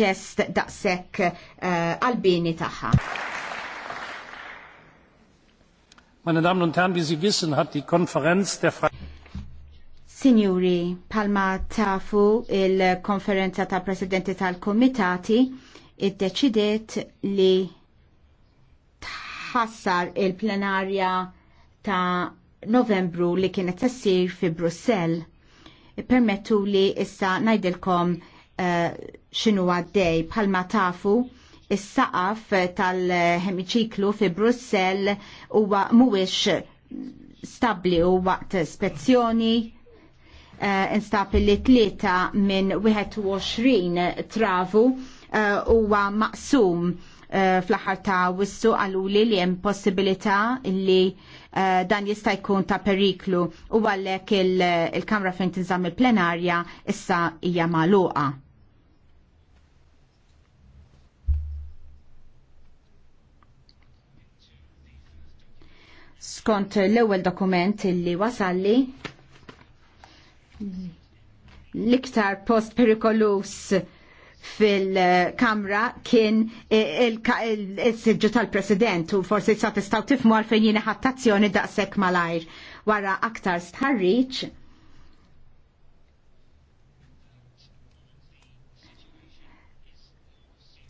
ġest daqshekk eh, għall-bini tagħha. Meine Damen und Herren, wie Sie wissen, hat die Konferenz der Fra Signori, palma tafu il-konferenza ta' presidenti tal-komitati id-deċidiet li tħassar il-plenarja ta' novembru li kienet tessir fi Brussell. Permettu li issa najdilkom Eh, xinu għaddej bħalma tafu is-saqaf tal-hemiċiklu fi Brussell huwa mhuwiex stabbli u waqt spezzjoni eh, instab li tlieta minn 21 travu eh, huwa maqsum fl-aħħar ta' wissu għaluli li hemm possibilità li dan jista' jkun ta' periklu u għallek il-Kamra fejn tinżamm il-plenarja issa hija magħluqa. skont l-ewwel dokument li wasalli l-iktar post perikolus fil-kamra kien il-sġu tal-president u forsi sa tistaw tifmu għalfejn jina ħattazzjoni daqsek malajr wara aktar stħarriċ.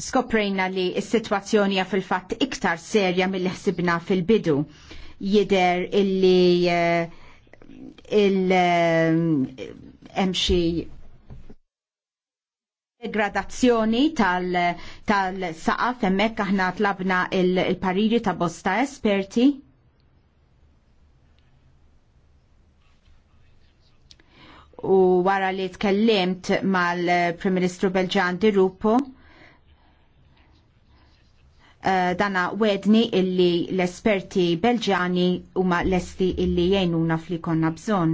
Skoprejna li s-situazzjoni fil-fatt iktar serja mill-ħsibna fil-bidu jider illi eh, il-emxi eh, gradazzjoni tal-saqaf tal emmek aħna tlabna il-pariri ta' bosta esperti. U wara li tkellimt mal-Prim Ministru Belġan Dirupo, Eh, dana wedni illi l-esperti belġani huma lesti illi jgħinuna fli konna bżon.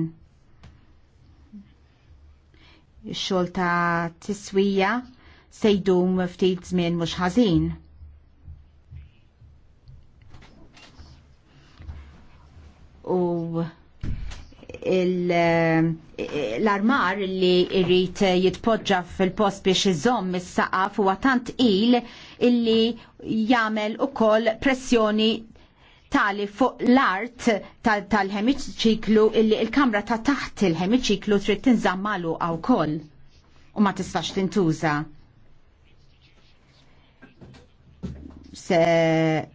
Xol ta' tiswija sejdum ftit żmien mhux ħażin. U l-armar li irrit jitpoġġa fil-post biex iżomm is-saqaf huwa tant il illi jagħmel ukoll pressjoni tali fuq l-art tal-ħemiċiklu -tal illi il-kamra ta' taħt il-ħemiċiklu trid tinżammalu għaw koll u ma tistax tintuża se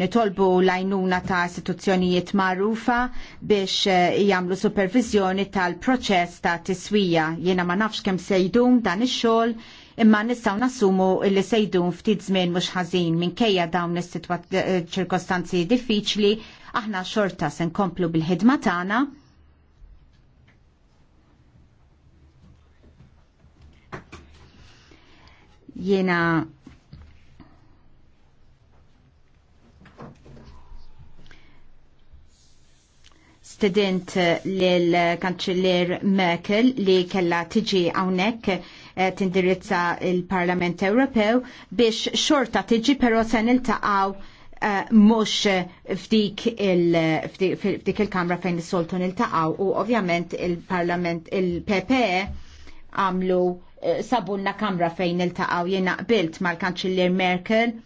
nitolbu lajnuna ta' istituzzjonijiet magħrufa biex eh, jagħmlu supervizjoni tal-proċess ta' tiswija. Jiena ma nafx kemm sejdum dan ix-xogħol imma nistgħu nassumu li sejdum ftit żmien mhux ħażin minkejja dawn is-ċirkostanzi eh, diffiċli aħna xorta se nkomplu bil-ħidma tagħna. Jiena stedint eh, l-kanċiller Merkel li kella tiġi għawnek eh, tindirizza il-Parlament Ewropew biex xorta tiġi pero se taqaw eh, mux f'dik il-kamra fejn is-soltu nil-taqaw u ovvjament il-Parlament il-PPE għamlu sabunna kamra fejn niltaqaw jena qbilt mal-kanċiller Merkel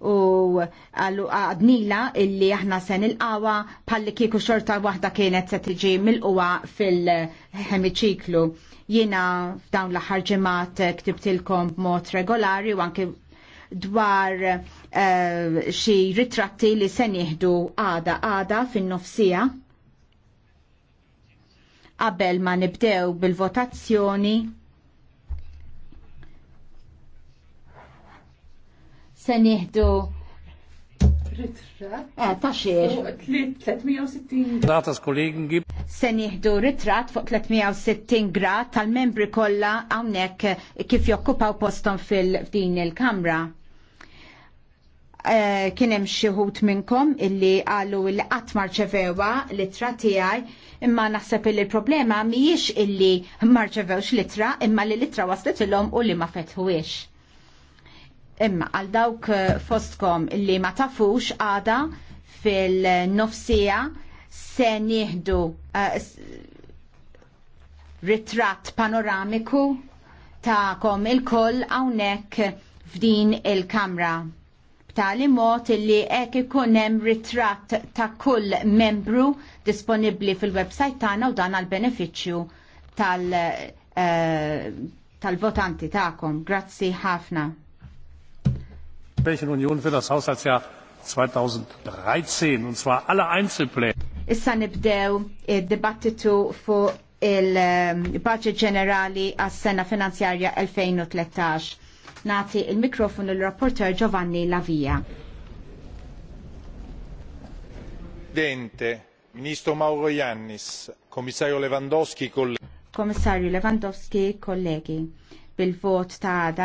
u għadnila illi aħna sen il-qawa palli kieku xorta waħda kienet se tiġi mill-qawa fil-hemiċiklu. Jiena f'dawn l-aħħar ġimgħat eh, ktibtilkom b'mod regolari u anke dwar eh, xi ritratti li se nieħdu għada għada fin-nofsija qabel ma nibdew bil-votazzjoni se nieħdu Ritratt. Eh, ta' xiex. 360. Data Se nieħdu ritrat fuq 360 grad tal-membri kollha hawnhekk kif jokkupaw postom fil-din il-kamra. Eh, kien hemm xi xieħut minnkom illi qalu l qatt marċevewa litra tiegħi imma naħseb illi l-problema mhijiex illi marċevewx litra imma li litra waslet ilhom u li ma fetħuwiex. Imma għal dawk eh, fostkom li ma tafux għada fil-nofsija se nieħdu uh, ritratt panoramiku ta'kom il-koll hawnhekk f'din il-kamra. B'tali mod li hekk ikun hemm ritratt ta' kull membru disponibbli fil-website tagħna u dan għal benefiċċju tal- uh, tal-votanti ta'kom. Grazzi ħafna. Europäischen Union für das Haushaltsjahr 2013 und zwar alle Einzelpläne. Issa nibdew id-dibattitu fuq il-Budget ehm, Ġenerali għas-sena finanzjarja 2013. Nati il-mikrofonu l-rapporter Giovanni Lavia. Presidente, Ministro Mauro Jannis, Komissarju Lewandowski, kollegi. Komissarju Lewandowski, kollegi, bil-vot ta'